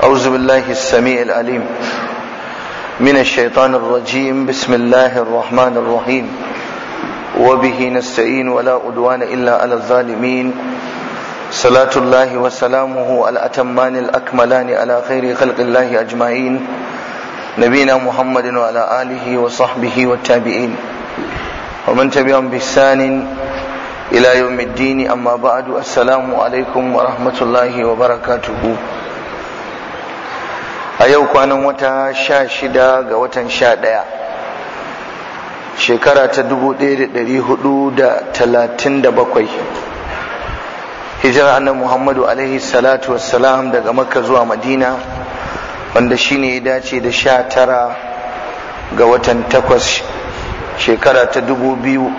أعوذ بالله السميع العليم من الشيطان الرجيم بسم الله الرحمن الرحيم وبه نستعين ولا عدوان إلا على الظالمين صلاة الله وسلامه الأتمان الأكملان على خير خلق الله أجمعين نبينا محمد وعلى آله وصحبه والتابعين ومن تبعهم بإحسان إلى يوم الدين أما بعد السلام عليكم ورحمة الله وبركاته a yau kwanan wata sha shida ga watan sha ɗaya shekara ta dubu ɗaya da ɗari hudu da talatin da bakwai hijira annan muhammadu alaihi salatu wassalam daga makka zuwa madina wanda shine ya dace da sha tara ga watan takwas shekara ta dubu biyu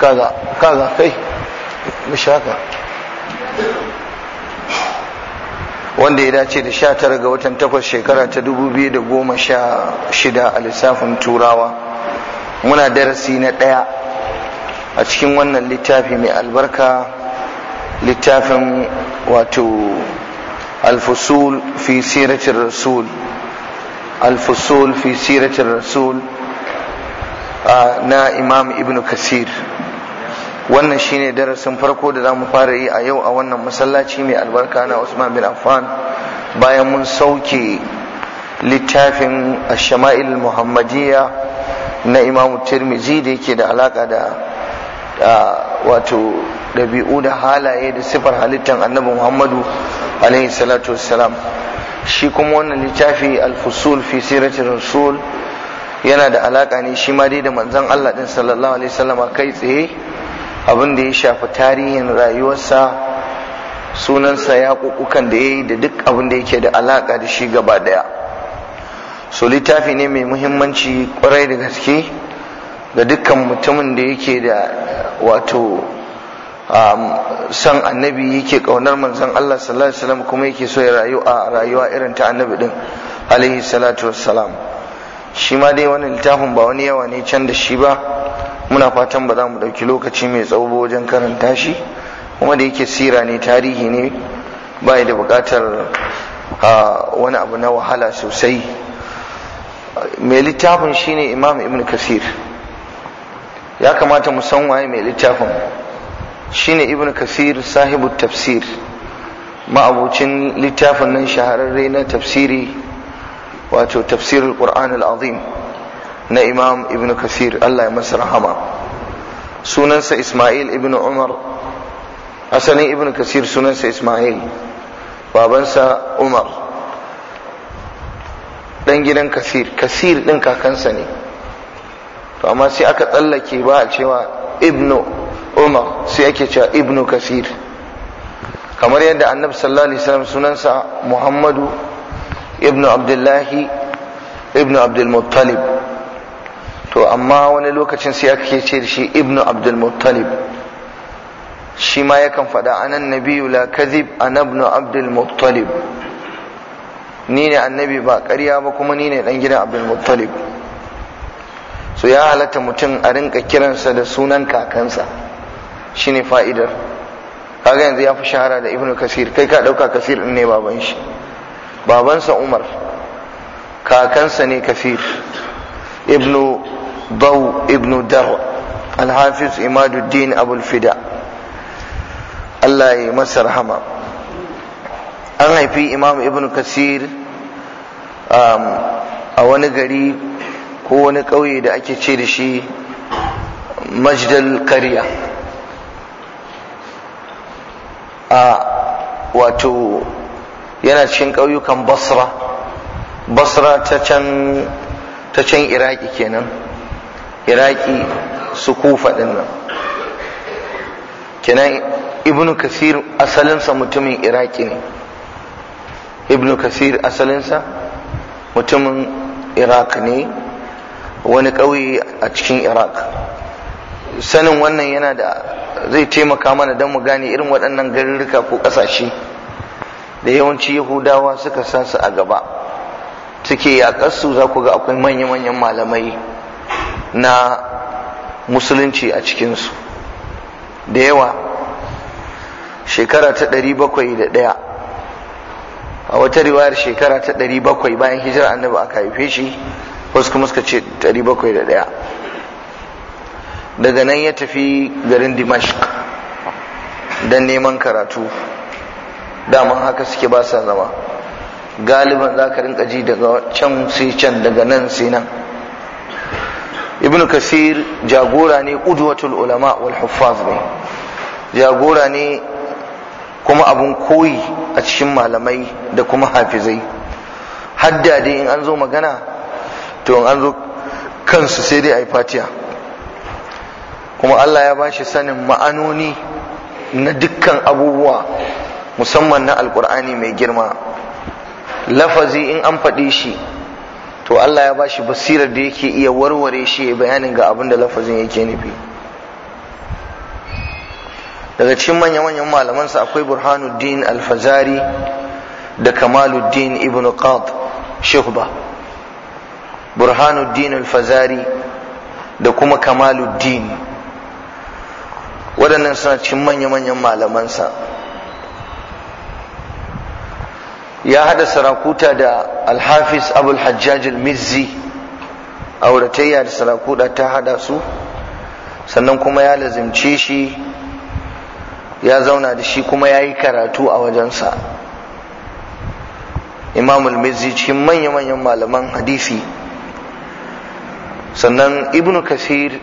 kaga kai mishaka wanda ya dace da sha tara ga watan takwas shekara ta dubu biyu da goma sha shida a lissafin turawa muna darasi na ɗaya a cikin wannan littafi mai albarka littafin wato alfusul fi siratin rasul alfusul fi siratin rasul na imam ibn kasir wannan shine darasin farko da zamu fara yi a yau a wannan masallaci mai albarka na Usman bin Affan bayan mun sauke littafin Ash-Shama'il Muhammadiyya na Imam Tirmizi da yake da alaka da wato dabi'u da halaye da sifar halittar annabi Muhammadu alaihi salatu wassalam shi kuma wannan littafi al-fusul fi sirati rasul yana da alaka ne shi ma dai da manzon Allah din sallallahu alaihi wasallam kai tsaye abin da ya shafi tarihin rayuwarsa sunansa ya kukukan da ya yi da duk abin da yake da alaƙa da shi gaba daya so littafi ne mai muhimmanci kwarai da gaske ga dukkan mutumin da yake da wato um, san annabi yake kaunar manzon Allah sallallahu alaihi wasallam kuma yake so ya rayu a rayuwa irin ta annabi din alaihi salatu wassalam shi ma dai wani littafin ba wani yawa ne can da shi ba muna fatan ba za mu ɗauki lokaci mai tsawo wajen karanta shi kuma da yake sira ne tarihi ne ba da buƙatar wani abu na wahala sosai mai littafin shine imam ibn kasir ya kamata mu san waye mai littafin shine ibn kasir sahibu tafsir ma'abucin littafin nan shahararre na tafsiri wato tafsirul qur'an al-azim na imam ibn kasir Allah ya masa rahama sunansa isma'il ibn umar asalin ibn kasir sunansa isma'il babansa umar Ɗan gidan kasir kasir ɗin kakansa ne to amma sai aka tsallake ba a cewa ibnu umar sai ake cewa ibnu kasir kamar yadda annabi sallallahu alaihi wasallam sunansa muhammadu ibnu abdullahi ibnu abdulmuttalib to amma wani lokacin sai aka ce shi ibnu muttalib shi ma yakan faɗa anan nabiyu la kadhib an ibnu muttalib ni ne annabi ba ƙarya ba kuma ni ne dan gidan muttalib so ya halatta mutum a rinka kiransa da sunan kakansa shine fa'idar kaga yanzu ya fi shahara da ibnu kasir kai ka ɗauka kasir ne baban shi babansa umar kakansa ne kafir ibnu daw ibnu dar alhafiz imaduddin abul fida Allah ya masa rahama an haifi imam ibnu kasir um, a wani gari ko wani ƙauye da ake ce da shi majdal kariya a wato yana cikin ƙauyukan basra basra ta can ta can iraki kenan iraki su kufa din nan kenan ibnu kasir asalinsa mutumin iraki ne ibnu kasir asalinsa mutumin iraq ne wani ƙauye a cikin iraq sanin wannan yana da zai taimaka mana don mu gane irin waɗannan garuruka ko ƙasashe da yawanci yahudawa suka san su a gaba suke yaƙarsu za ku ga akwai manya-manyan malamai na musulunci a cikinsu da yawa shekara ta ɗari bakwai da ɗaya a wata riwayar shekara ta ɗari bakwai bayan hijira annabi aka haife shi wasu kuma suka ce ɗari bakwai da ɗaya daga nan ya tafi garin dimashq don neman karatu daman haka suke ba sa zama galiban za ka rinka ji daga can sai can daga nan sai nan ibn kasir jagora ne ƙudwatul ulama wal huffaz ne jagora ne kuma abun koyi a cikin malamai da kuma hafizai hadda dai in an zo magana to in an zo kansu sai dai a yi fatiya kuma allah ya bashi sanin ma'anoni na dukkan abubuwa musamman na alkur'ani mai girma lafazi in an faɗi shi to Allah ya ba shi basirar da yake iya warware shi ya bayanin ga abin da lafazin yake nufi daga cikin manya-manyan malamansa akwai burhanuddin alfazari da kamaluddin ibn qad shuhba burhanuddin alfazari da kuma kamaluddin waɗannan suna cikin manya-manyan malamansa ya hada sarakuta da Alhafis abul hajjajin mizzi auratayya da sarakuta ta hada su sannan kuma ya lazimce shi ya zauna da shi kuma ya yi karatu a wajensa imamul mizzi cikin manya-manyan malaman hadisi sannan ibnu kasir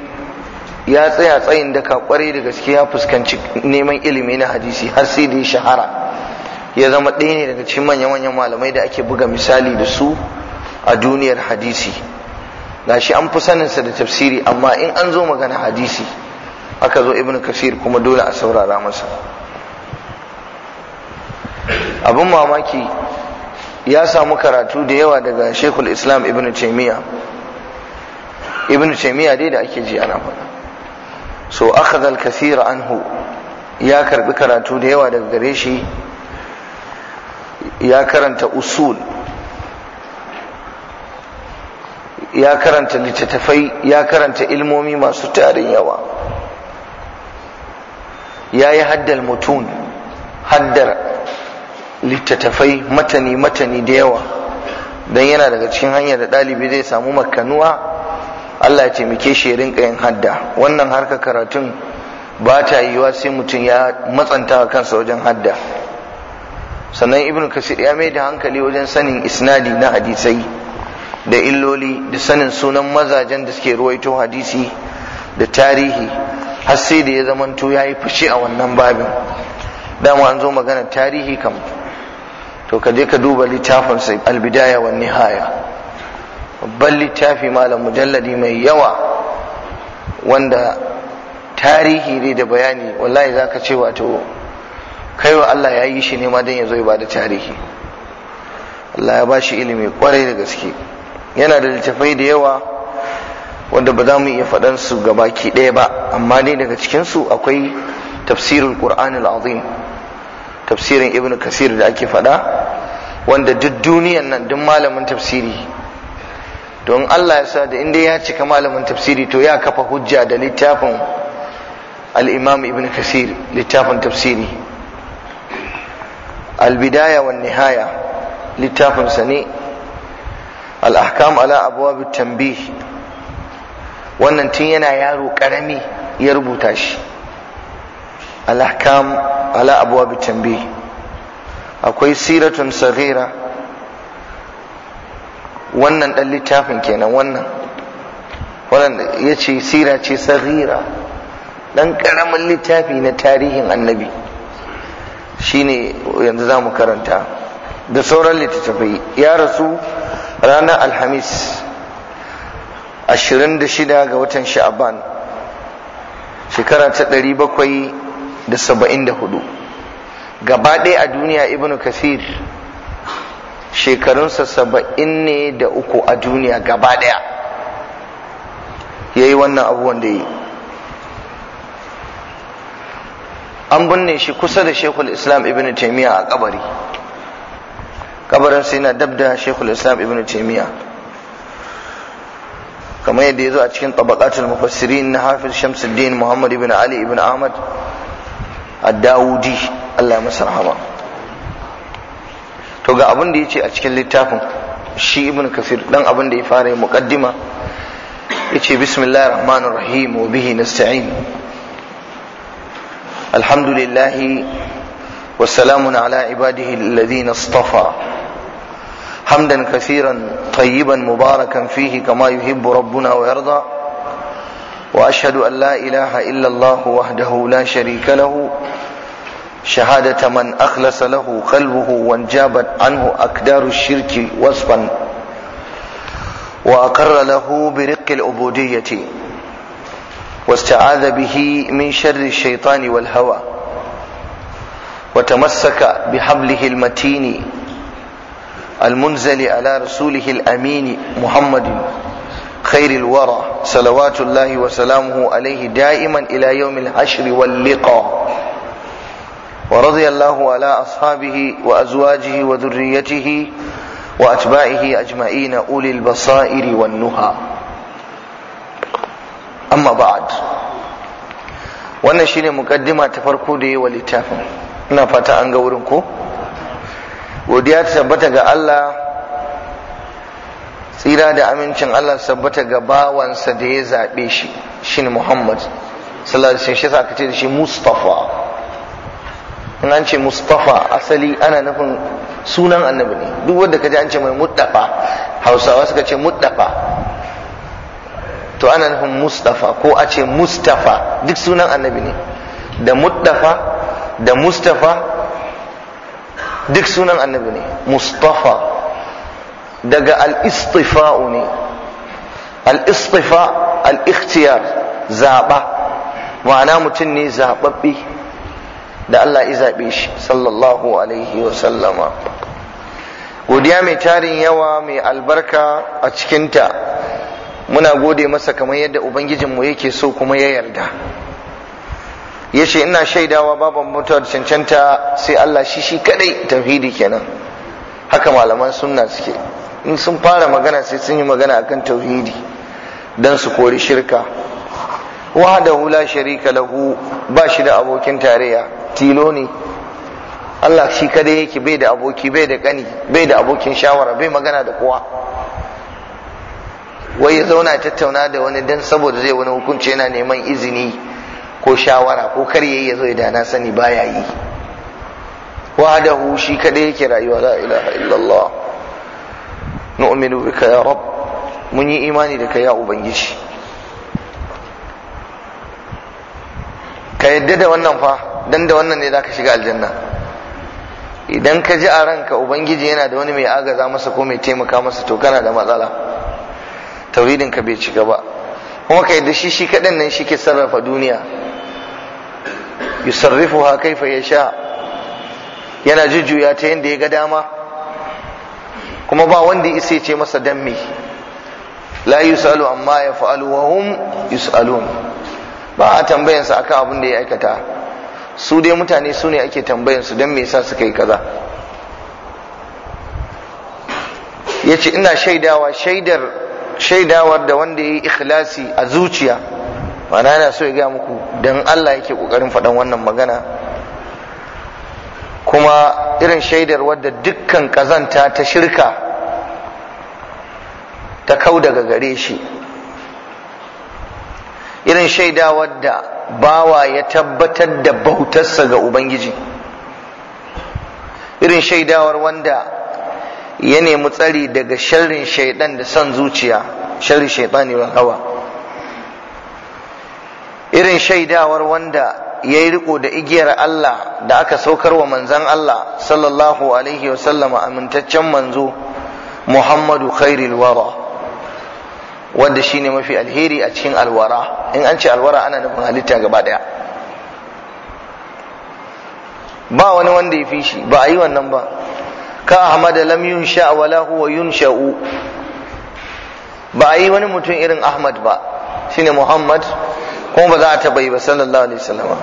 ya tsaya tsayin da kwarai da gaske ya fuskanci neman ilimi na hadisi har sai da ya shahara ya zama ɗaya ne daga cikin manya-manyan malamai da ake buga misali da su a duniyar hadisi shi an fi saninsa da tafsiri amma in an zo magana hadisi aka zo ibn kasir kuma dole a saurara masa abin mamaki ya samu karatu da yawa daga shekul islam ibn taimiyya ibn taimiyya dai da ake ji ana faɗa so aka al anhu ya karbi karatu da yawa daga gare shi ya karanta usul ya karanta littattafai ya karanta ilmomi masu tarin yawa ya yi haddal mutum haddar littattafai matani matani da yawa don yana daga cikin hanyar da ɗalibi zai samu makanuwa allah ya taimake shi rinka yin hadda wannan harka karatun ba ta yiwuwa sai mutum ya matsanta kansa wajen hadda sannan ibn kasir ya mai da hankali wajen sanin isnadi na hadisai da illoli da sanin sunan mazajen da suke ruwaito hadisi da tarihi har sai da ya zamanto ya yi fushi a wannan babin dama an zo magana tarihi kam to ka je ka duba littafin sai albidaya wa nihaya babban littafi malam mujalladi mai yawa wanda tarihi ne da bayani wallahi zaka ce wato kaiwa Allah ya yi shi ne don ya zo ya bada tarihi Allah ya bashi ilimi kwarai da gaske yana da littafai da yawa wanda ba za mu iya faɗan su ga baki ɗaya ba amma dai daga cikin su akwai tafsirul qur'an azim tafsirin Ibn kasir da ake faɗa wanda duk duniyan nan duk malamin tafsiri don Allah ya sa da inda ya cika malamin tafsiri to ya kafa hujja da littafin al-imam ibnu kasir littafin tafsiri albidaya wa nihaya littafinsa ne al'ahkam ala abuwa tambih wannan tun yana yaro ƙarami ya rubuta shi al'ahkam ala abuwa tambih akwai siratun saghira wannan ɗan littafin kenan wannan wannan ya ce sira ce saghira ɗan ƙaramin littafi na tarihin annabi shine yanzu za mu karanta da sauran littattafai ya rasu ranar alhamis 26 ga watan sha'aban shekara ta 774 gaba ɗaya a duniya Ibn kasir shekarunsa saba'in ne da uku a duniya gaba ɗaya ya yi wannan abuwan da yi an binne shi kusa da shekul islam ibn taimiyya a kabari kabarin sai na dab da shekul islam ibn taimiyya kamar yadda ya zo a cikin tabaqatul mufassirin na hafiz shamsuddin muhammad ibn ali ibn ahmad ad-dawudi Allah ya masa rahama to ga abin da ya ce a cikin littafin shi ibn kasir dan abin da ya fara muqaddima yace bismillahir rahmanir rahim wa bihi nasta'in الحمد لله وسلام على عباده الذين اصطفى حمدا كثيرا طيبا مباركا فيه كما يحب ربنا ويرضى واشهد ان لا اله الا الله وحده لا شريك له شهاده من اخلص له قلبه وانجابت عنه اكدار الشرك وصفا واقر له برق العبوديه واستعاذ به من شر الشيطان والهوى وتمسك بحبله المتين المنزل على رسوله الامين محمد خير الورى صلوات الله وسلامه عليه دائما الى يوم العشر واللقاء ورضي الله على اصحابه وازواجه وذريته واتباعه اجمعين اولي البصائر والنهى amma ba'ad wannan shine mukaddima ta farko da yawa littafin ina fata an ga wurin ko godiya ta tabbata ga Allah tsira da amincin Allah tabbata ga bawansa da ya zaɓe shi shine Muhammad sallallahu alaihi wasallam aka ce da shi Mustafa in an ce Mustafa asali ana nufin sunan annabi ne duk wanda kaje an ce mai muddafa Hausawa suka ce muddafa to ana nufin mustafa ko a ce mustafa duk sunan annabi ne da muttafa da mustafa duk sunan annabi ne mustafa daga al-istifa'u ne al-istifa al-ikhtiyar zaɓa ma'ana mutum ne zaɓaɓɓe da Allah ya zaɓe shi sallallahu alaihi wa sallama godiya mai tarin yawa mai albarka a cikinta muna gode masa kamar yadda ubangijinmu yake so kuma ya yarda ya ce ina shaidawa baban mutuwa da cancanta sai Allah shi shi kadai tafidi kenan haka malaman sunna suke in sun fara magana sai sun yi magana akan tauhidi dan su kori shirka wahdahu la sharika lahu ba shi da abokin tarayya tilo ne Allah shi kadai yake bai da aboki bai da kani bai da abokin shawara bai magana da kowa wai ya zauna tattauna da wani dan saboda zai wani hukunci yana neman izini ko shawara ko kar yayi ya zo ya dana sani baya yi hu shi kadai yake rayuwa la ilaha illallah nu'minu bika ya rab mun yi imani da kai ya ubangiji ka yadda da wannan fa dan da wannan ne zaka shiga aljanna idan ka ji a ranka ubangiji yana da wani mai agaza masa ko mai taimaka masa to kana da matsala tauhidin ka bai cika ba kuma ka da shi shi kaɗan nan shi ke sarrafa duniya yusarrifuha kaifa yasha yana jujjuya ta yadda ya ga dama kuma ba wanda isa ce masa dan me la yusalu amma ya fa'alu wa hum yusalun ba a sa akan abin da ya aikata su dai mutane su ne ake su dan me yasa suka yi kaza ya ce ina shaidawa shaidar shaidawar da wanda ya yi ikhlasi a zuciya mana yana so ya gaya muku don Allah yake ƙoƙarin faɗan wannan magana kuma irin shaidar wadda dukkan ƙazanta ta shirka ta kau daga gare shi irin shaida wadda bawa ya tabbatar da bautarsa ga ubangiji irin shaidawar wanda ya nemi tsari daga sharrin shaidan da son zuciya sharrin ne wa hawa irin shaidawar wanda ya yi riko da igiyar Allah da aka saukar wa manzan Allah sallallahu alaihi wasallama amintaccen manzo Muhammadu khairul wara wanda shine mafi alheri a cikin alwara in an ce alwara ana nufin halitta gaba daya ba wani wanda ya fi shi ba a yi wannan ba ka ahmad lam yunsha wala huwa yunsha'u ba a yi wani mutum irin ahmad ba shine muhammad kuma ba za a taba yi ba sallallahu alaihi wasallama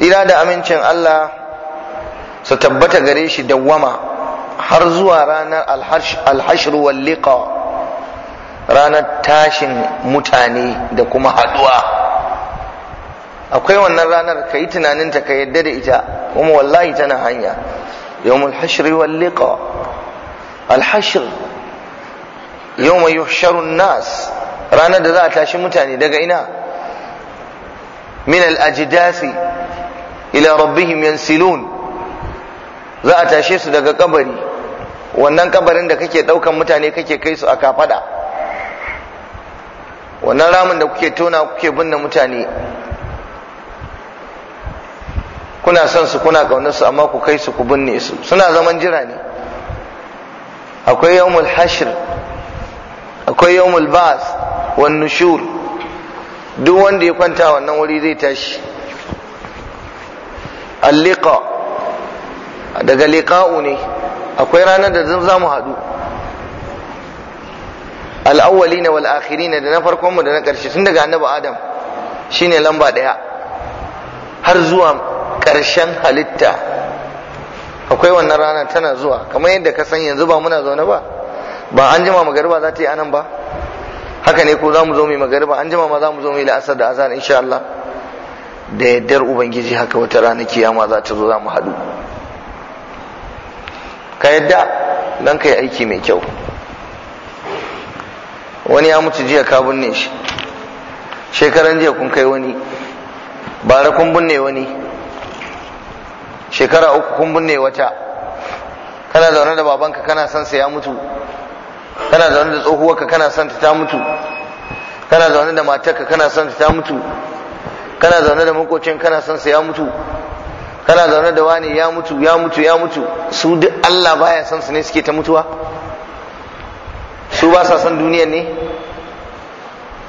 tsira da amincin allah su tabbata gare shi dawwama har zuwa ranar alhashru wal liqa ranar tashin mutane da kuma haduwa akwai wannan ranar ka yi tunaninta ka yadda da ita kuma wallahi tana hanya يوم الحشر واللقاء الحشر يوم يحشر الناس رانا da za a tashi mutane daga ina min al-ajdasi ila rabbihim yansilun za a tashe su daga kabari wannan kabarin da kake daukan mutane kake kai su a kafada wannan ramin da kuke tona kuke binne mutane kuna son su kuna ƙaunar su amma ku kai su ku binne su suna zaman jira ne akwai yawmul hashr akwai yawmul bas wan nushur duk wanda ya kwanta wannan wuri zai tashi alliqa daga liqa'u ne akwai ranar da zan za mu haɗu awwalina wal akhirina da na farkon mu da na ƙarshe tun daga annabi adam shine lamba ɗaya har zuwa ƙarshen halitta akwai wannan rana tana zuwa kamar yadda ka san yanzu ba muna zaune ba ba an jima magariba za ta yi anan ba haka ne ko za mu zo mai magariba an jima ma za mu zo mai la'asar da azan insha Allah da yaddar ubangiji haka wata rana kiyama za ta zo za mu haɗu ka yadda don ka yi aiki mai kyau wani ya mutu jiya ka binne shi shekaran jiya kun kai wani bara kun binne wani shekara uku kun binne wata kana zaune da babanka kana son sa ya mutu kana zaune da tsohuwarka kana son ta mutu kana zaune da matarka kana son ta ta mutu kana zaune da makocin kana son sa ya mutu kana zaune da wani ya mutu ya mutu ya mutu su duk Allah baya son su ne suke ta mutuwa su ba sa son duniyar ne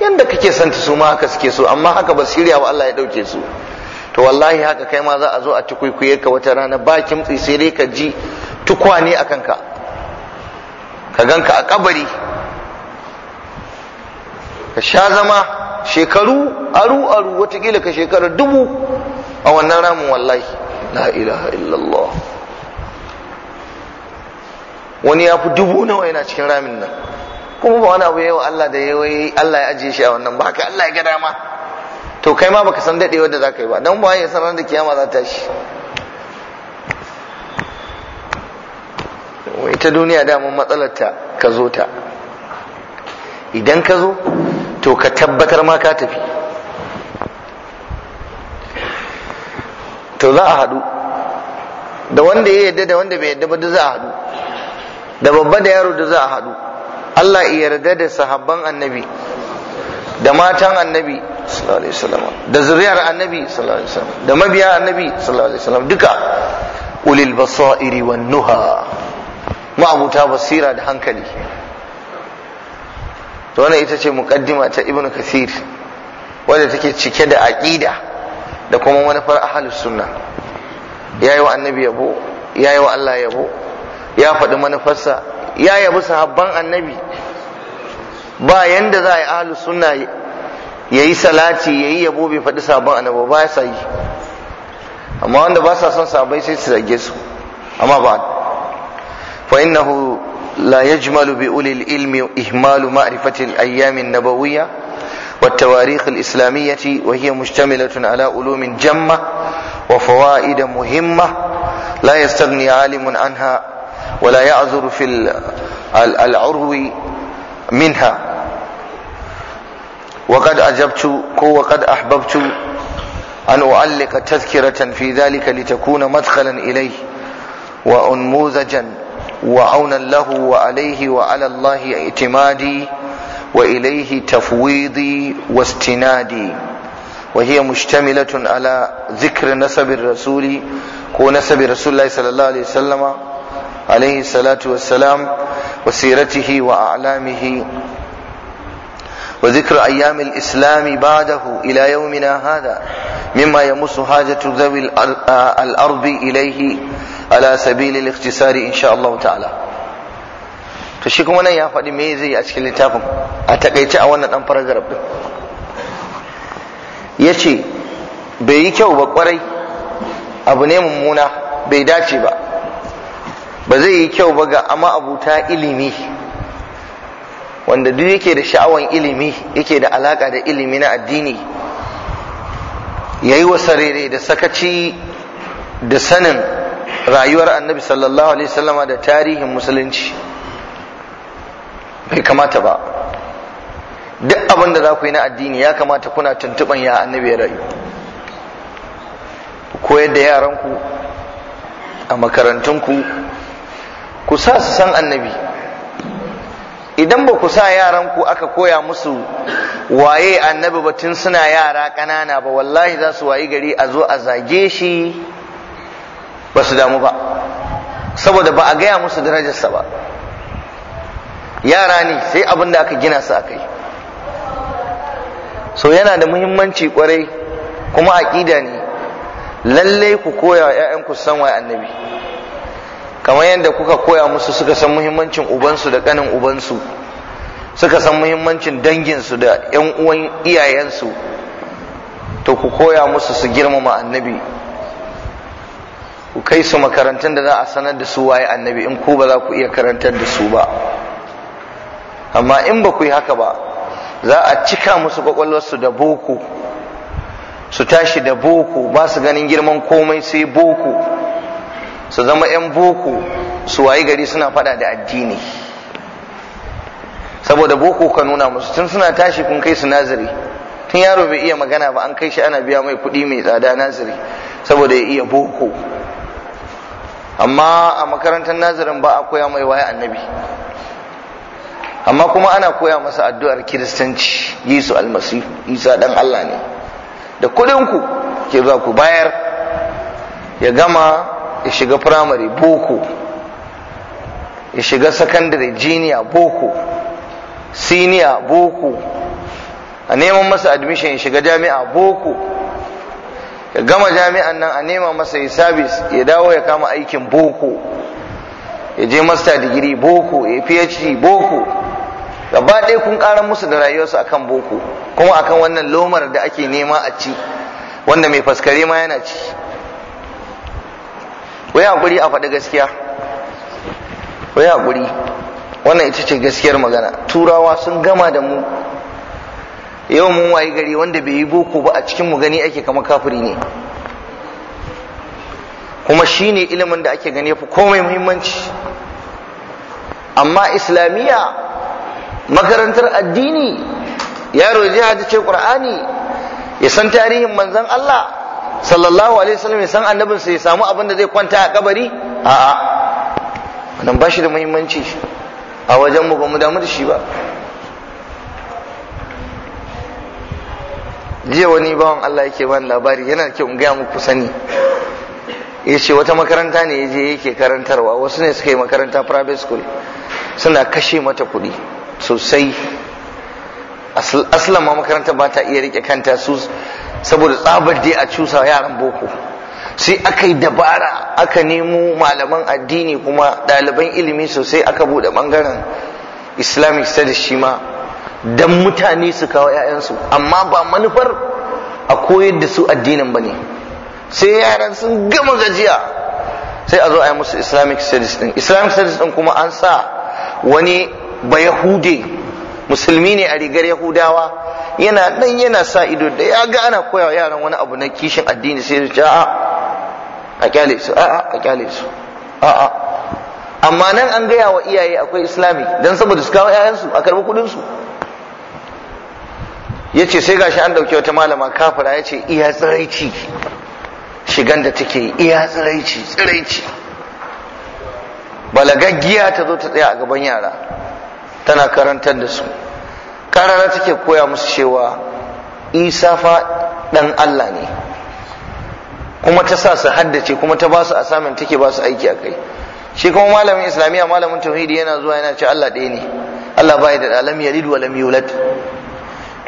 yanda kake son ta su ma haka suke so amma haka ba shirya wa Allah ya dauke su to wallahi haka kai ma za a zo a tukwikwiye ka wata rana ba kimtsi sai dai ka ji tukwane a kanka ka ganka a kabari ka sha zama shekaru aru aru watakila ka shekara dubu a wannan ramin wallahi la ilaha illallah wani ya fi dubu nawa yana cikin ramin nan kuma ba wani abu yawa Allah da yawa Allah ya ajiye shi a wannan ba haka Allah ya ga dama to kai ma baka san dadewar za zaka yi ba dan waye san ran da kiyama za ta shi ita duniya daman matsalarta ka zo ta idan ka zo to ka tabbatar ma ka tafi to za a haɗu da wanda ya yarda da wanda bai yarda ba da za a haɗu da babba da yaro da za a haɗu Allah ya yarda da sahabban annabi da matan annabi sallallahu alaihi wasallam da zuriyar annabi sallallahu alaihi wasallam da mabiya annabi sallallahu alaihi wasallam duka ulil basairi wan nuha ma'abuta basira da hankali to wannan ita ce muqaddima ta ibnu kathir wanda take cike da aqida da kuma manufar ahlus sunna yayi wa annabi yabo yayi wa Allah yabo ya faɗi manufarsa ya yabi sahabban annabi ba yanda za a yi ahlus sunna yayi salati yayi yabo bai faɗi sabon annabi ba ya sa amma wanda ba sa son sabai sai su zage su amma ba fa innahu la yajmalu bi ulil ilmi ihmalu ma'rifati al-ayyam an-nabawiyya والتواريخ الإسلامية وهي مشتملة على علوم جمة وفوائد مهمة لا يستغني عالم عنها ولا يعذر في العرو منها وقد أجبت وقد أحببت أن أعلق تذكرة في ذلك لتكون مدخلا إليه وأنموذجا وعونا له وعليه وعلى الله اعتمادي وإليه تفويضي واستنادي وهي مشتملة على ذكر نسب الرسول هو نسب رسول الله صلى الله عليه وسلم عليه الصلاة والسلام وسيرته وأعلامه وذكر أيام الإسلام بعده إلى يومنا هذا مما يمس حاجة ذوي الأرض إليه على سبيل الاختصار إن شاء الله تعالى to shi kuma nan ya faɗi me zai yi a cikin littafin a takaice a wannan ɗan faragarab ɗin ya ce bai yi kyau ba kwarai abu ne bai dace ba ba zai yi kyau ba ga ama abuta ilimi wanda duk yake da sha'awan ilimi yake da alaka da ilimi na addini yayi wasarere da sakaci da sanin rayuwar annabi sallallahu alaihi wasallama da tarihin musulunci bai kamata ba duk abin da za ku yi na addini ya kamata kuna tuntuban ya annabi ya rayu koyar da yaranku a makarantunku ku sa su san annabi idan ba ku sa yaran ku aka koya musu waye annabi ba tun suna yara ƙanana ba wallahi za su wayi gari a zo a zage shi ba su damu ba saboda ba a gaya musu darajarsa ba yara ne sai abin da aka gina su a kai so yana da muhimmanci kwarai kuma aƙida ne lallai ku koya wa 'ya'yanku san waye annabi kamar yadda kuka koya musu suka san muhimmancin ubansu da kanin ubansu suka san muhimmancin danginsu da 'yan uwan iyayensu to ku koya musu su girmama annabi ku kai su makarantun da za a sanar da su waye annabi in ku ba za ku iya karantar da su ba amma in ba ku yi haka ba za a cika musu kwakwalwarsu da boko su tashi da boko ba su ganin girman komai sai boko su zama 'yan boko su wayi gari suna fada da addini saboda boko ka nuna musu tun suna tashi kun kai su naziri tun yaro bai iya magana ba an kai shi ana biya mai kuɗi mai tsada nazari saboda ya iya boko amma a makarantar nazarin ba a koya mai waya annabi amma kuma ana koya masa addu'ar kiristanci yesu almasihu isa dan allah ne da kuɗinku ke za ku bayar ya gama ya shiga firamare boko ya shiga sakandare jiniya boko siniya boko a neman masa admission ya shiga jami'a boko ya gama jami'an nan a nema masa ya sabis ya dawo ya kama aikin boko ya je master digiri boko ya phd boko gaba ɗaya kun ƙara musu da rayuwarsu akan boko kuma akan wannan lomar da ake nema a ci wanda mai faskare ma yana ci wai hakuri a faɗi gaskiya wai hakuri wannan ita ce gaskiyar magana turawa sun gama da mu yau mun wayi gari wanda bai yi boko ba a cikin mu gani ake kama kafiri ne kuma shine ilimin da ake gani fi komai muhimmanci amma islamiyya makarantar addini yaro ya ce qur'ani ya san tarihin manzon Allah sallallahu alaihi wasallam ya san annabin sa ya samu abin da zai kwanta a kabari a'a wannan ba shi da muhimmanci a wajen mu ba mu damu da shi ba jiya wani bawan Allah yake bani labari yana da kyau in gaya muku sani ya ce wata makaranta ne ya je yake karantarwa wasu ne suka yi makaranta private school suna kashe mata kuɗi sosai aslama makaranta ba ta iya rike kanta su saboda tsabar dai a cusa yaran boko sai aka yi dabara aka nemo malaman addini kuma ɗaliban ilimi sosai aka buɗe ɓangaren islamic studies shi ma don mutane su kawo 'ya'yansu amma ba manufar a koyar da su addinin ba ne sai yaran sun gama gajiya sai a zo a yi musu islamic studies din islamic studies din kuma an sa wani Bayahude, musulmi ne a rigar yahudawa yana nan yana sa ido da ya ga ana koya wa yaran wani abu na kishin addini sai su ce a'a a kyale su a'a a kyale su a'a amma nan an gaya wa iyaye akwai islami don saboda su kawo yayansu a karbi kudin su ya ce sai gashi an dauke wata malama kafira ya ce iya tsiraici shigan da take iya tsiraici tsiraici balagaggiya ta zo ta tsaya a gaban yara tana karantar da su karara take koya musu cewa isa fa dan allah ne kuma ta sa su haddace kuma ta ba su asamin take ba su aiki a kai shi kuma malamin islamiyya malamin tauhidi yana zuwa yana ce allah ɗaya ne allah ba da alam yalid wa lam yulad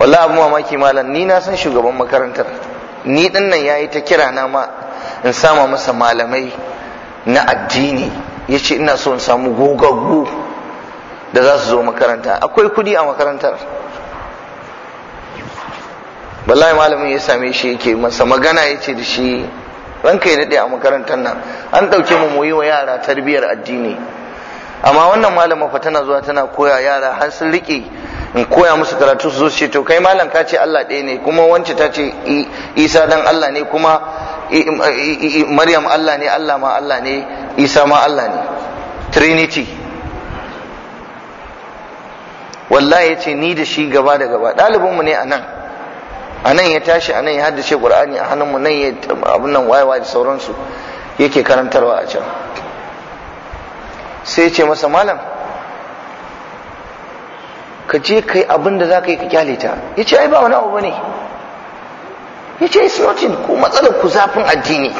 wallahi abu mamaki malam ni na san shugaban makarantar ni din nan yayi ta kira na ma in sama masa malamai na addini yace ina so in samu gogaggu da za su zo makaranta akwai kudi a makarantar wallahi malamin ya same shi yake masa magana ya ce da shi ranka ya daɗe a makarantar nan an ɗauke mu muyi wa yara tarbiyyar addini amma wannan malama fa tana zuwa tana koya yara har sun riƙe in koya musu karatu su zo su ce to kai malam ka ce Allah ɗaya ne kuma wance ta ce Isa dan Allah ne kuma Maryam Allah ne Allah ma Allah ne Isa ma Allah ne Trinity wallahi ce ni da shi gaba da gaba dalibinmu ne a nan a nan ya tashi a nan ya haddace ƙur'ani a hannunmu nan ya abun nan wayewa da sauransu yake karantarwa a can sai ya ce masa malam ka je kai abin da za ka yi ka kyale ta ya ce ai ba wani abu bane ya ce it's nothing ko matsalar ku zafin addini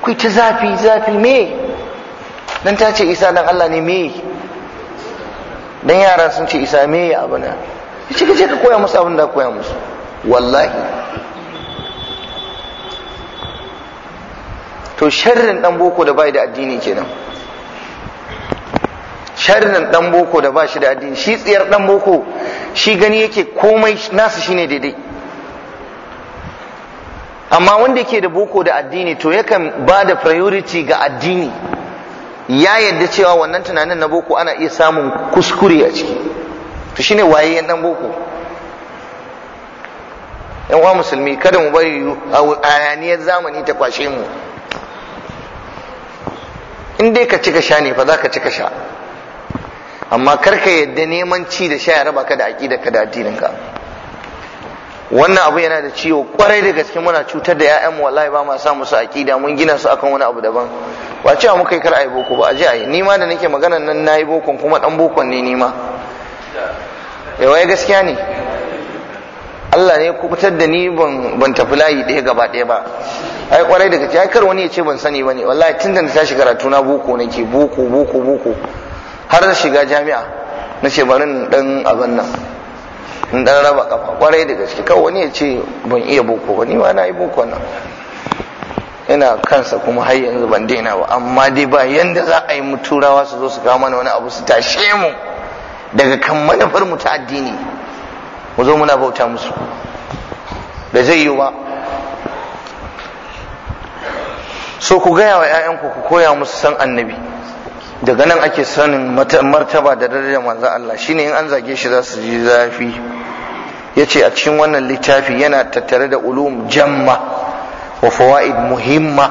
ku ta zafi zafi me dan ta ce isa dan Allah ne me dan yara sun ce isa me ya abu na ce ka je ka koya musu abin da koya musu wallahi to sharrin dan boko da bai da addini kenan sharrin dan boko da ba shi da addini shi tsiyar dan boko shi gani yake komai nasu shine daidai amma wanda yake da boko da addini to yakan ba da priority ga addini ya yadda cewa wannan tunanin na boko ana iya samun kuskure a ciki to shine waye dan boko yan uwa musulmi kada mu bari ayaniyar zamani ta kwashe mu in dai ka cika sha ne fa za ka cika sha amma karka yadda neman ci da sha ya raba ka da ka da addininka wannan abu yana da ciwo kwarai da gaske muna cutar da 'ya'yanmu wallahi ba ma sa musu aƙida mun gina su akan wani abu daban ba cewa muka yi kar a yi boko ba a ji a yi nima da nake magana nan na yi bokon kuma dan bokon ne nima yawa eh, gaskiya ne Allah ne ku fitar da ni ban tafi layi ɗaya gaba ɗaya ba ai kwarai daga gaske kar wani ya ce ban sani bane wallahi tun da na tashi karatu na boko nake boko boko boko har na shiga jami'a na ce bari in dan abin nan in dan raba kafa kwarai daga ciki kawai wani ya ce ban iya boko ba ni ma na yi boko nan ina kansa kuma har yanzu ban daina ba amma dai ba yanda za a yi mu turawa su zo su kawo mana wani abu su tashe mu daga kan manufar mu ta addini mu zo muna bauta musu da zai yi ba so ku gaya wa 'ya'yanku ku koya musu san annabi daga nan ake sanin martaba da darajar manzo Allah shine in an zage shi za su ji zafi yace a cikin wannan littafi yana tattare da ulum jamma wa fawaid muhimma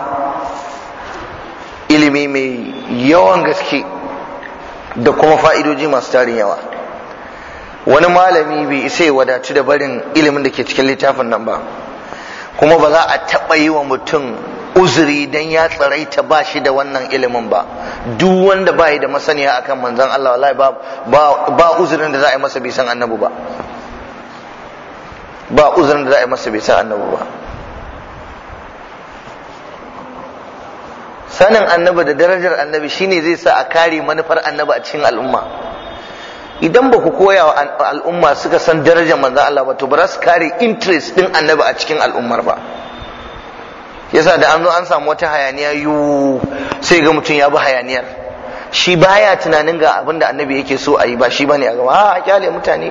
ilimi mai yawan gaske da kuma fa'idoji masu tarin yawa wani malami bai isa ya wadatu da barin ilimin da ke cikin littafin nan ba kuma ba za a taɓa yi wa mutum uzuri don ya ta ba shi da wannan ilimin ba duk wanda ba da masaniya akan manzan Allah wallahi ba ba uzurin da za a yi masa bisan annabu ba ba uzurin da za a yi masa bisan annabu ba sanin annabi da darajar annabi shine zai sa a kare manufar annabi a cikin al'umma idan ba ku koya wa al'umma suka san darajar manza Allah ba to ba su kare interest din annabi a cikin al'ummar ba yasa da an zo an samu wata hayaniya yu sai ga mutum ya bi hayaniyar shi baya tunanin ga abinda da annabi yake so a yi ba shi bane a gaba ha! kyale mutane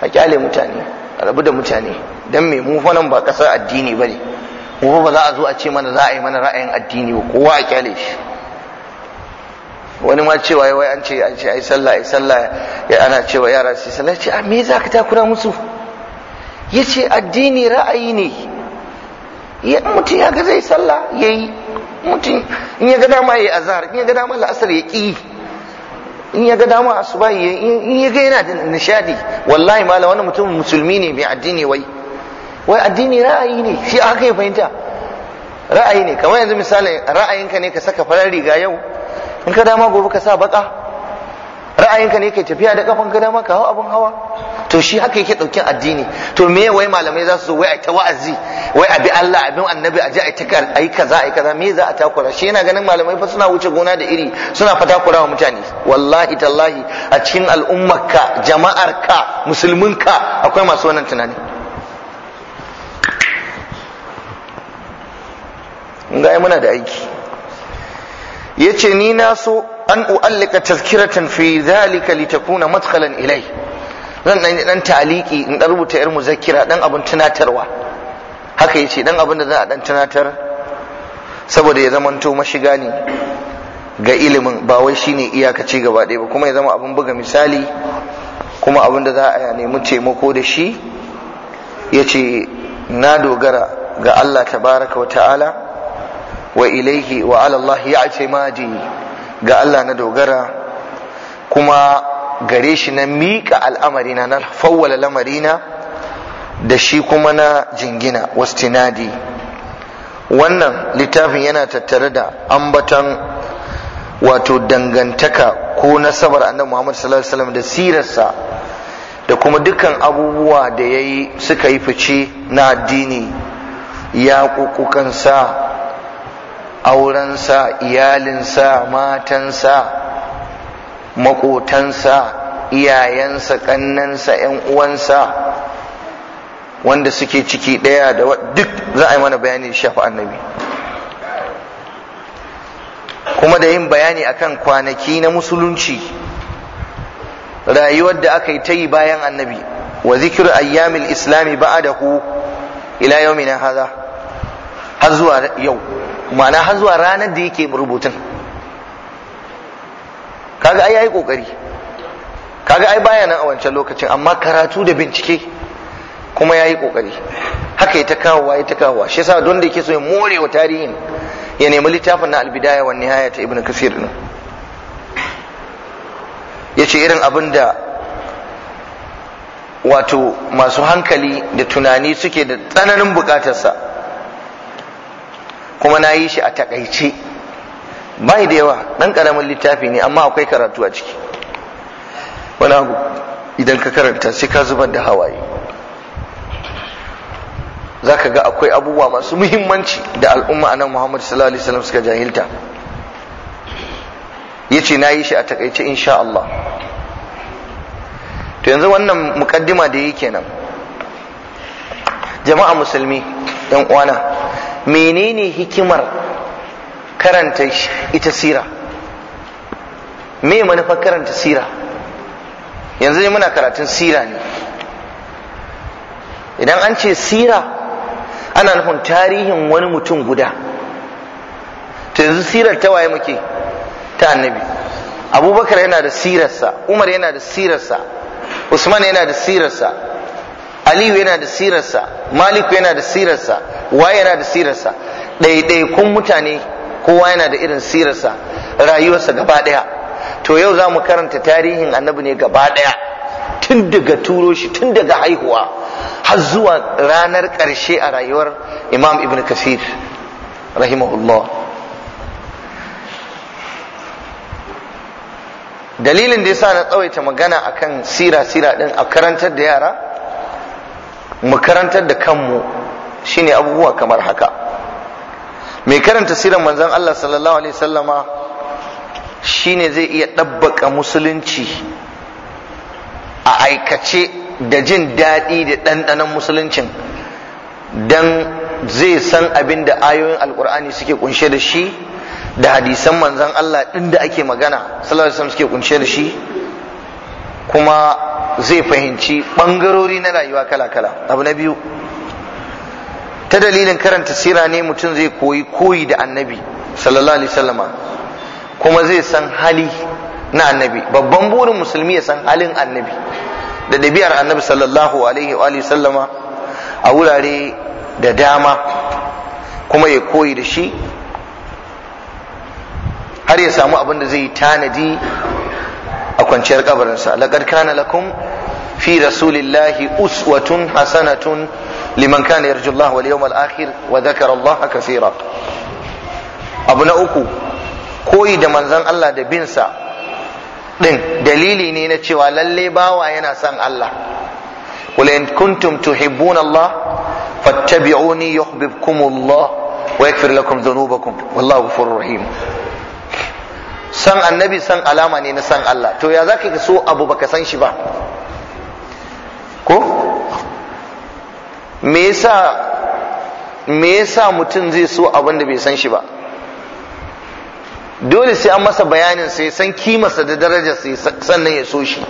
ha kyale mutane a rabu da mutane dan me mu fa nan ba kasar addini bane gobe ba za a zo a ce mana za a yi mana ra'ayin addini ba kowa a kyale shi wani ma cewa wai an ce an ce ai sallah ai sallah ya ana cewa yara su sallah ce a ah, me za ka takura musu yace addini ra'ayi ne ya mutum ya ga zai sallah yayi mutum in ya ga dama yayi azhar in ya ga dama la'asar ya ki in ya ga dama asuba in ya ga yana da nishadi wallahi malam wani mutum musulmi ne mai addini wai wai addini ra'ayi ne shi haka ya fahimta ra'ayi ne kamar yanzu misali ra'ayinka ne ka saka farar riga yau in ka dama gobe ka sa baka ra'ayinka ne ka tafiya da kafan ka dama ka hau abin hawa to shi haka yake daukin addini to me wai malamai za su wai a ta wa'azi wai abi Allah abin annabi a je a ta ai kaza ai kaza me za a takura shi yana ganin malamai fa suna wuce gona da iri suna fa takura wa mutane wallahi tallahi a cikin al'ummarka jama'arka musulminka akwai masu wannan tunanin ga muna da aiki yace ni na so an u'allika tazkiratan fi dhalika litakuna madkhalan ilai zan dan dan taliki in dan rubuta yar muzakkira dan abin tunatarwa haka yace dan abin da za a dan tunatar saboda ya zamanto mashiga ne ga ilimin ba wai shine iyakaci gaba ɗaya ba kuma ya zama abin buga misali kuma abin da za a nemi taimako da shi yace na dogara ga Allah tabaraka wa ta'ala wa ilaihi wa ala Allah madi ga Allah na dogara kuma gare shi na miƙa al'amari na fawwala na. da shi kuma na jingina wasu tinadi wannan littafin yana tattare da ambaton wato dangantaka ko nasabar annabi Muhammad da sirarsa da kuma dukkan abubuwa da yayi suka yi fice na addini ya kukukansa aurensa iyalinsa matansa maƙotansa iyayensa ƙannansa 'yan uwansa wanda suke ciki ɗaya da duk za a yi mana bayani shafi annabi kuma da yin bayani akan kwanaki na musulunci rayuwar da aka yi ta yi bayan annabi wa zikir ayyamil islami ba'adahu ila yawmina haza har zuwa yau ma'ana har zuwa ranar da yake rubutun kaga ai yayi kokari kaga ai baya nan a wancan lokacin amma karatu da bincike kuma yayi kokari haka ita kawowa ita kawowa shi yasa don da yake so ya more wa tarihin ya nemi littafin na albidaya wa nihaya ta ibnu kasir din yace irin abin da wato masu hankali da tunani suke da tsananin bukatarsa kuma na yi shi a takaice bai da yawa ɗan ƙaramin littafi ne amma akwai karatu a ciki wani abu idan ka karanta sai ka zubar da hawaye za ka ga akwai abubuwa masu muhimmanci da al'umma anan muhammad sallallahu alaihi wasallam suka jahilta ya ce na yi shi a takaice insha Allah to yanzu wannan mukaddima da yi nan. jama'a musulmi yan uwana menene hikimar karanta ita sira me manufar karanta sira yanzu ne muna karatun sira ne idan an ce sira ana nufin tarihin wani mutum guda ta yanzu sirar ta waye muke ta annabi abubakar yana da sirarsa umar yana da sirarsa usman yana da sirarsa aliyu yana da sirarsa Malik yana da sirarsa waye yana da sirarsa ɗaiɗaikun mutane kowa yana da irin sirarsa rayuwarsa gaba ɗaya to yau za mu karanta tarihin annabi ne gaba ɗaya tun daga turo shi tun daga haihuwa har zuwa ranar ƙarshe a rayuwar imam ibn kasir rahimahullah dalilin da ya sa na tsawaita magana akan sira sira din a karantar da yara mu karantar da kanmu shine abubuwa kamar haka mai karanta siran manzon Allah sallallahu alaihi wasallama shine zai iya ɗabbaka musulunci a aikace da jin daɗi da ɗanɗanon musuluncin don zai san abin da ayoyin alkur'ani suke kunshe da shi da hadisan manzon Allah ɗin da ake magana sallallahu alaihi wasallam suke kunshe da shi kuma zai fahimci ɓangarori na rayuwa kala-kala abu na biyu ta dalilin karanta sira ne mutum zai koyi koyi da annabi sallallahu alaihi sallama kuma zai san hali na annabi babban burin musulmi ya san halin annabi da ɗabi'ar annabi sallallahu alaihi wa sallama a wurare da dama kuma ya koyi da shi har ya samu abin da zai tanadi a kwanciyar kabarinsa laqad kana lakum fi rasulillahi uswatun hasanatun liman kana yarju Allah wal yawmal akhir wa dhakara Allah kaseera abu na uku koyi da manzon Allah da bin sa din dalili ne na cewa lalle bawa yana son Allah qul in kuntum tuhibbuna Allah fattabi'uni yuhibbukum Allah wa yaghfir lakum dhunubakum wallahu ghafurur rahim san annabi san alama ne na san Allah to ya zaka ka so abu baka san shi ba ko me yasa me yasa mutum zai so abin da bai san shi ba dole sai an masa bayanin sai san kimarsa da darajar sai sannan ya so shi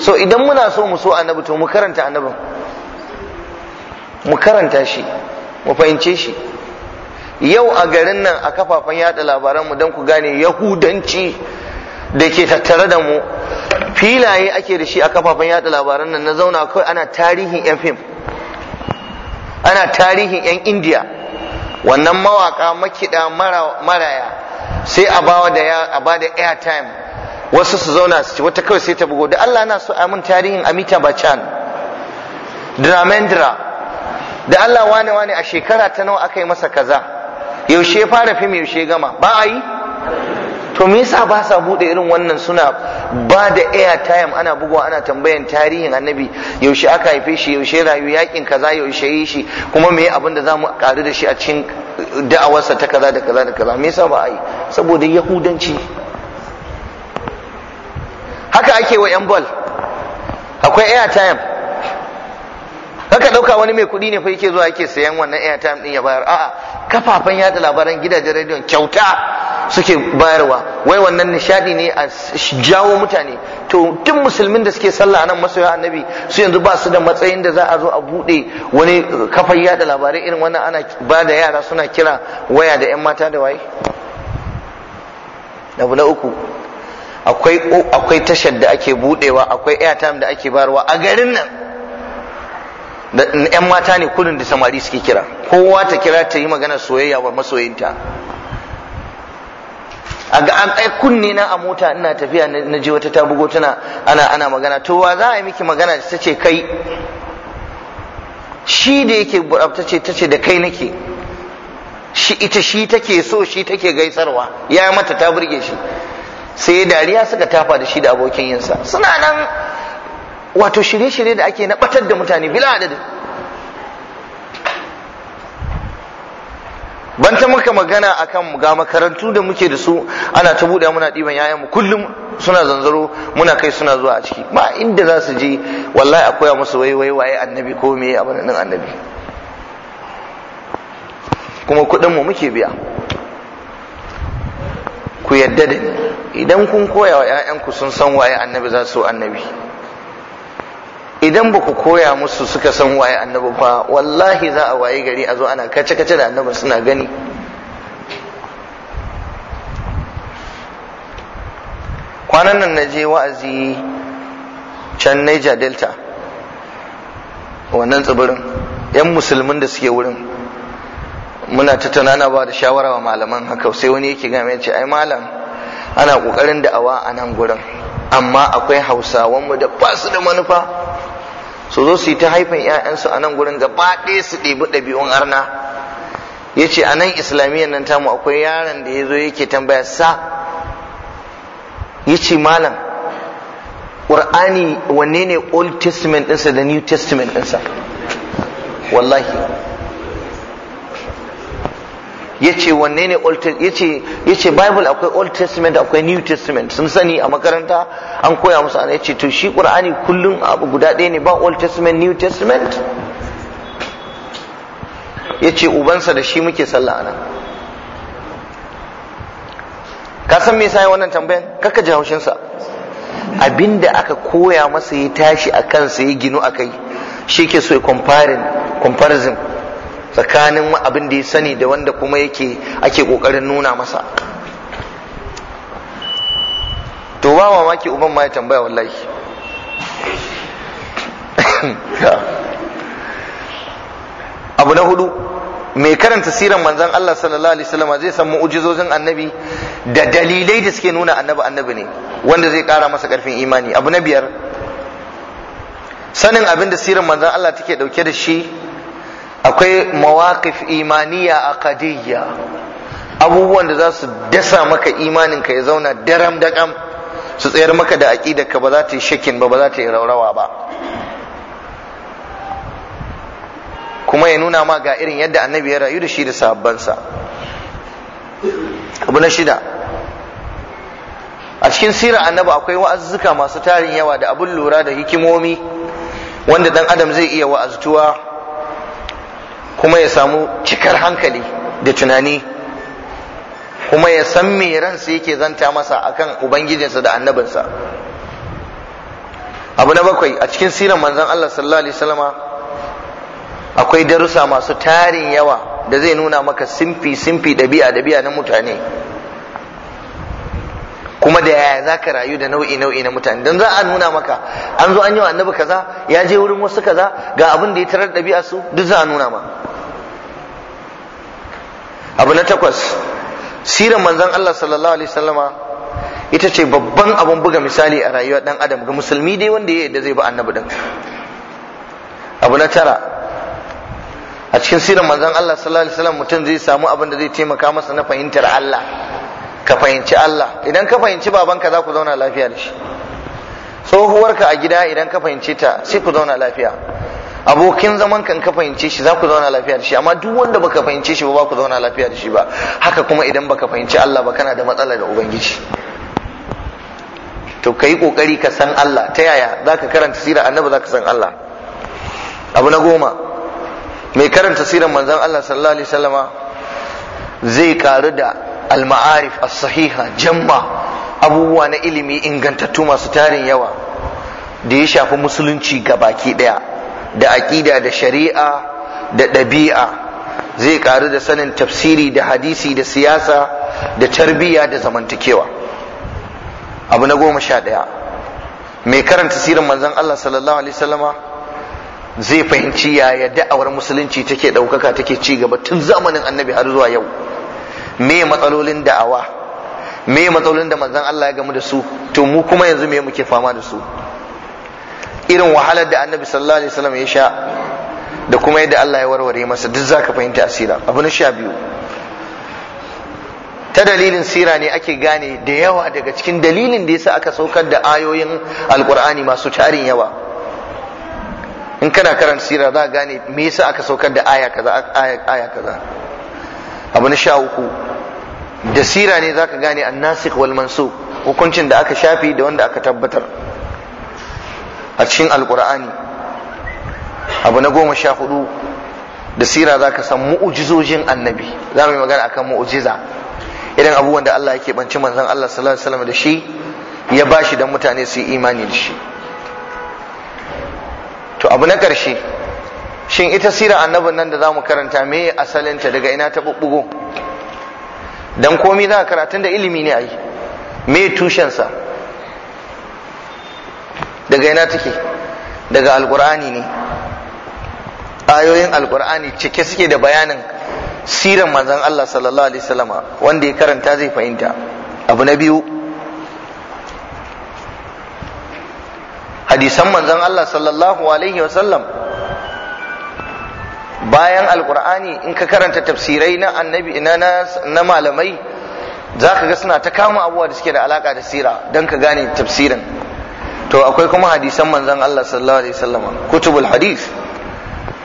so idan muna so mu so annabi to mu karanta annabin mu karanta shi mu fahimce shi yau a garin nan a kafafen yada labaranmu don ku gane yahudanci da ke tattare da mu filaye ake da shi a kafafen yada labaran nan na zauna kawai ana tarihin yan fim ana tarihin yan indiya wannan mawaka makida maraya sai a bawa da a ba da airtime wasu su zauna su ci wata kawai sai ta bugo da Allah na so amin tarihin Amita Bachchan Dramendra da Allah wane wane a shekara ta nawa aka yi masa kaza yaushe fara fim yaushe gama ba a yi to me yasa ba sa bude irin wannan suna ba da air time ana bugawa ana tambayan tarihin annabi yaushe aka haife shi yaushe rayu yakin kaza yaushe yi shi kuma me abin da zamu karu da shi a cikin da'awarsa ta kaza da kaza da kaza me yasa ba a saboda yahudanci haka ake wa yan ball akwai air time haka dauka wani mai kuɗi ne fa yake zuwa yake sayan wannan airtime din ya bayar a'a kafafen yada labaran gidajen rediyon kyauta suke bayarwa wai wannan nishadi ne a jawo mutane to duk musulmin da suke sallah nan masoya annabi su yanzu ba su da matsayin da za a zo a bude wani kafan yada labarai irin wannan ana ba da yara suna kira waya da yan mata da waye abu na uku akwai akwai tashar da ake budewa akwai airtime da ake bayarwa a garin nan yan mata ne kudin da samari suke kira kowa ta kira ta yi magana soyayya wa masoyinta a ga an ai kunne na a mota ina tafiya na je wata ta tana ana ana magana to wa za a yi miki magana ta ce kai shi da yake burab ta ce ta ce da kai nake shi ita shi take so shi take gaisarwa ya mata ta burge shi sai dariya suka tafa da shi da abokin yinsa suna nan wato shirye-shirye da ake na batar da mutane bila adadin ban ta muka magana akan ga makarantu da muke da su ana ta buɗe muna ɗiban mu kullum suna zanzaro muna kai suna zuwa a ciki ba inda za su je wallahi a koya musu wai wai waye annabi ko me abin nan annabi kuma kuɗin mu muke biya ku yadda da ni idan kun koya wa 'ya'yanku sun san waye annabi za su annabi idan ba ku koya musu suka san waye annabi fa wallahi za a waye gari a zo ana kace kace da annabin suna gani kwanan nan na je wa'azi can Niger Delta wannan tsibirin yan musulmin da suke wurin muna tattauna na ba da shawara wa malaman haka sai wani yake game ya ce ai malam ana kokarin da'awa a nan gurin amma akwai hausawanmu da ba su da manufa su zo su yi ta haifin 'ya'yansu a nan gurin gaba ɗaya su ɗebi ɗabi'un arna ya ce a nan islamiyyar nan tamu akwai yaron da ya zo yake tambaya sa ya ce malam ƙur'ani wanne ne old testament ɗinsa da new testament ɗinsa wallahi yace wanne ne old yace yace bible akwai old testament akwai new testament sun sani a makaranta an koya musu ana yace to shi qur'ani kullum abu guda ɗaya ne ba old testament new testament yace ubansa da shi muke sallah anan ka san me yasa wannan tambayan kaka ji haushinsa. abinda aka koya masa ya tashi a kansa ya a kai, shi ke so comparing comparison tsakanin abin da ya sani da wanda kuma yake ake kokarin nuna masa to ba mamaki uban ma ya tambaya wallahi abu na hudu mai karanta siran manzan Allah sallallahu alaihi wasallam zai san mu'jizozin annabi da dalilai da suke nuna annabi annabi ne wanda zai kara masa karfin imani abu na biyar sanin abin da siran manzan Allah take dauke da shi akwai mawaƙif imaniya a kadiyya abubuwan da za su dasa maka imanin ka ya zauna daram daƙam su tsayar maka da aƙidaka ka ba za ta yi shakin ba ba za ta yi raurawa ba kuma ya nuna ma ga irin yadda annabi ya rayu da shi da sahabbansa abu na shida a cikin sirar annabi akwai wa'azzuka masu tarin yawa da abun lura da hikimomi wanda dan adam zai iya wa'aztuwa kuma ya samu cikar hankali da tunani kuma ya san me ransa yake zanta masa akan ubangijinsa da annabinsa abu na bakwai a cikin siran manzon Allah sallallahu alaihi wasallama akwai darussa masu tarin yawa da zai nuna maka simfi simfi dabi'a dabi'a na mutane kuma da yaya za ka rayu da nau'i nau'i na mutane don za a nuna maka an zo an yi annabi kaza ya je wurin wasu kaza ga abin da ya tarar ɗabi'a su duk za a nuna ma abu na takwas siran manzan Allah sallallahu alaihi wasallama ita ce babban abun buga misali a rayuwa dan adam ga musulmi dai wanda ya yadda zai ba annabi din abu na tara a cikin siran manzan Allah sallallahu alaihi mutum zai samu abin da zai taimaka masa na fahimtar Allah ka fahimci Allah idan ka fahimci babanka za ku zauna lafiya da shi tsohuwarka a gida idan ka fahimce ta sai ku zauna lafiya abokin zaman kan ka fahimce shi za ku zauna lafiya da shi amma duk wanda baka fahimce shi ba ku zauna lafiya da shi ba haka kuma idan baka fahimci Allah ba kana da matsala da ubangiji to kai kokari ka san Allah ta yaya zaka karanta sirar annabi zaka san Allah abu na goma mai karanta sirar manzon Allah sallallahu alaihi wasallama zai karu da al-ma'arif as-sahiha jamma abubuwa na ilimi ingantattu masu tarin yawa da ya shafi musulunci ga baki daya da aƙida da shari'a da ɗabi'a zai ƙaru da sanin tafsiri da hadisi da siyasa da tarbiyya da zamantakewa abu na goma sha ɗaya mai karanta sirin manzon Allah sallallahu alaihi wasallama zai fahimci yaya da'awar musulunci take ɗaukaka take ci gaba tun zamanin annabi har zuwa yau me matsalolin da'awa me matsalolin da manzon Allah ya gamu da su to mu kuma yanzu me muke fama da su irin wahalar da annabi sallallahu alaihi wasallam ya sha da kuma yadda Allah ya warware masa duk zaka fahimta asira abu na sha biyu ta dalilin sira ne ake gane da yawa daga cikin dalilin da yasa aka saukar da ayoyin alkur'ani masu tarin yawa in kana karanta sira za gane me yasa aka saukar da aya kaza aya kaza abu na sha uku da sira ne zaka gane annasikh wal mansukh hukuncin da aka shafi da wanda aka tabbatar a cikin alkur'ani abu na goma sha hudu da sira za ka san mu'ujizojin annabi za mu yi magana akan mu'ujiza Idan abubuwan da Allah yake banci manzon Allah sallallahu alaihi wasallam da shi ya ba shi don mutane su yi imani da shi to abu na ƙarshe shin ita sira annabin nan da za mu karanta me asalinta daga ina ta bubbugo Dan komi za a karatun da ilimi ne a yi me tushensa daga yana take daga alkur'ani ne ayoyin alkur'ani cike suke da bayanin siran manzon Allah sallallahu alaihi wasallama wanda ya karanta zai fahimta abu na biyu hadisan manzon Allah sallallahu alaihi wasallam bayan alkur'ani in ka karanta tafsirai na annabi na na malamai za ka ga suna ta kama abubuwa da suke da alaka da sira don ka gane tafsirin to akwai kuma hadisan manzon Allah sallallahu alaihi wasallam kutubul hadis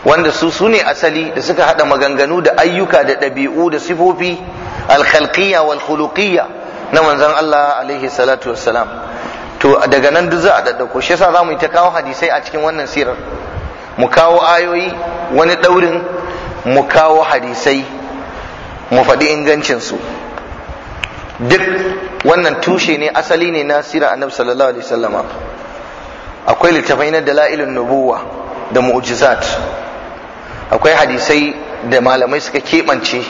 wanda su sune asali da suka hada maganganu da ayyuka da ɗabi'u da sifofi alkhalqiyya wal khuluqiyya na manzon Allah alaihi salatu wassalam to daga nan duk za a daddako shi yasa zamu yi ta kawo hadisai a cikin wannan sirar mu kawo ayoyi wani daurin mu kawo hadisai mu faɗi ingancin su duk wannan tushe ne asali ne na sirar annabi sallallahu alaihi wasallam akwai littafai na dalailun nubuwa da mu'jizat akwai hadisai da malamai suka keɓance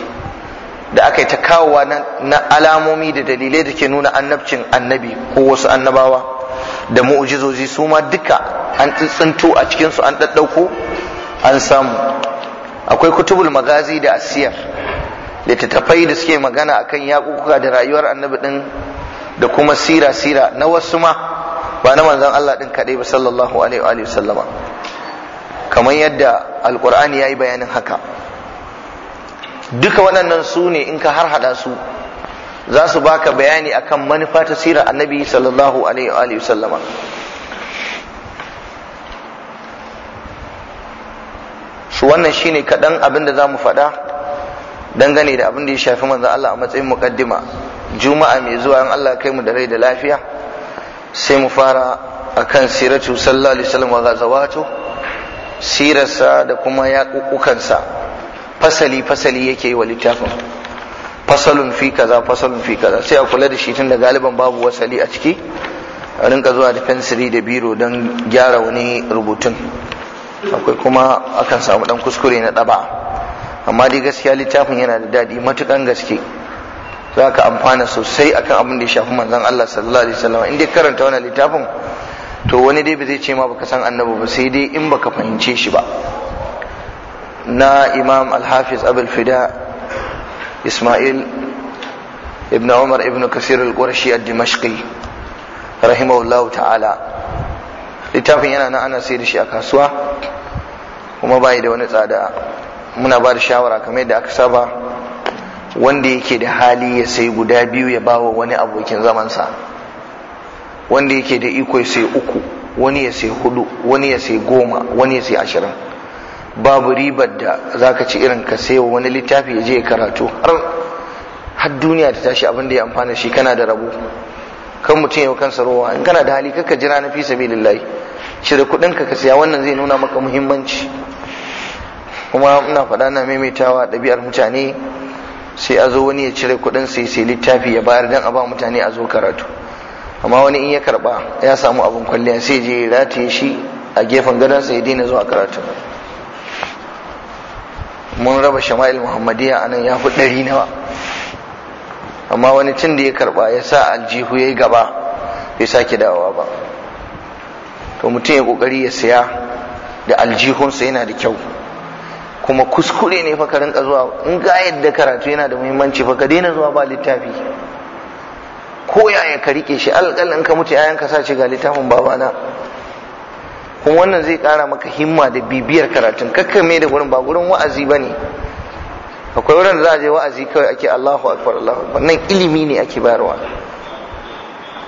da aka yi ta kawowa na alamomi da dalilai da ke nuna annabcin annabi ko wasu annabawa da mu'jizozi su ma duka an tsintsinto a cikinsu an ɗaɗɗauko an samu akwai kutubul magazi da asiyar littattafai da suke magana akan yaƙuƙuka da rayuwar annabi ɗin da kuma sira-sira na wasu ma ba na manzon Allah din kadai ba sallallahu alaihi wa sallama kamar yadda alqur'ani yayi bayanin haka duka waɗannan su ne in ka har hada su za su baka bayani akan manufa ta sirar annabi sallallahu alaihi wa sallama su wannan shine kaɗan abin da za mu faɗa dangane da abin da ya shafi manzo Allah a matsayin muƙaddima juma'a mai zuwa in Allah kai mu da rai da lafiya sai mu fara a kan siratu sallallahu alaihi wasallam wa sirarsa da kuma yaƙuƙukansa fasali fasali yake yi wa littafin fasalun fi kaza fasalun fi kaza sai a kula da shi tun da galiban babu wasali a ciki a rinka zuwa da fensiri da biro don gyara wani rubutun akwai kuma akan samu dan kuskure na ɗaba amma dai gaskiya littafin yana da daɗi matukan gaske za ka amfana sosai akan abin da ya shafi manzon Allah sallallahu alaihi wasallam in dai karanta wannan littafin to wani dai ba zai ce ma baka san annabi ba sai dai in baka fahimce shi ba na imam al-hafiz abul fida isma'il ibn umar ibn kasir al a ad-dimashqi rahimahullahu ta'ala littafin yana nan ana sai da shi a kasuwa kuma bai da wani tsada muna ba da shawara kamar yadda aka saba wanda yake da hali ya sai guda biyu ya bawa wani abokin zamansa wanda yake da iko ya sai uku wani ya sai hudu wani ya sai goma wani ya sai ashirin babu ribar da za ka ci irin ka sai wani littafi ya je ya karatu har har duniya ta tashi abin da ya amfana shi kana da rabo kan mutum yau kansa rowa in kana da hali ka jira na fi sabilillahi cire kudin ka ka siya wannan zai nuna maka muhimmanci kuma ina faɗa na maimaitawa ɗabi'ar mutane sai a zo wani ya cire kudin sai sai littafi ya bayar dan a ba mutane a zo karatu amma wani in ya karba ya samu abin kwalliya sai je ya rataye shi a gefen sa ya daina zuwa karatu mun raba shama'il muhammadiyya a nan ya fi ɗari nawa amma wani tun da ya karba ya sa aljihu ya yi gaba bai sake dawowa ba to mutum ya kokari ya siya da aljihunsa yana da kyau kuma kuskure ne fa ka rinka zuwa in ga yadda karatu yana da muhimmanci fa ka daina zuwa ba littafi ko yaya ka rike shi alƙalin ka mutu ayan ka sace ga littafin babana kuma wannan zai ƙara maka himma da bibiyar karatun kakka mai da gurin ba gurin wa'azi bane akwai wurin da za a je wa'azi kawai ake Allahu akbar Allahu akbar nan ilimi ne ake bayarwa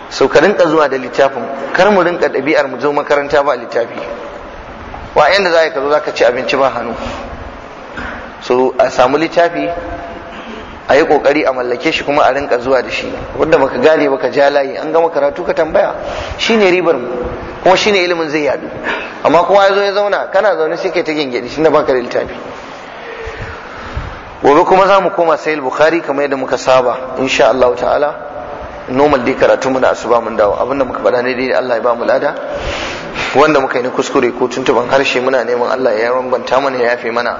sau ka rinka zuwa da littafin kar mu rinka ɗabi'ar mu zo makaranta ba littafi wa yanda za ka zo za ka ci abinci ba hannu so a samu littafi a yi kokari a mallake shi kuma a rinka zuwa da shi wanda baka gane baka ja layi an gama karatu ka tambaya shine ribar mu kuma shine ilimin zai yadu amma kowa ya zo ya zauna kana zaune sai kai ta gingedi tunda baka da littafi gobe kuma za mu koma sayil bukhari kamar yadda muka saba insha Allah ta'ala normal dai karatu mu na asuba mun dawo abinda muka faɗa ne dai Allah ya ba mu lada wanda muka yi kuskure ko tuntuban harshe muna neman Allah ya rangwanta mana ya yafe mana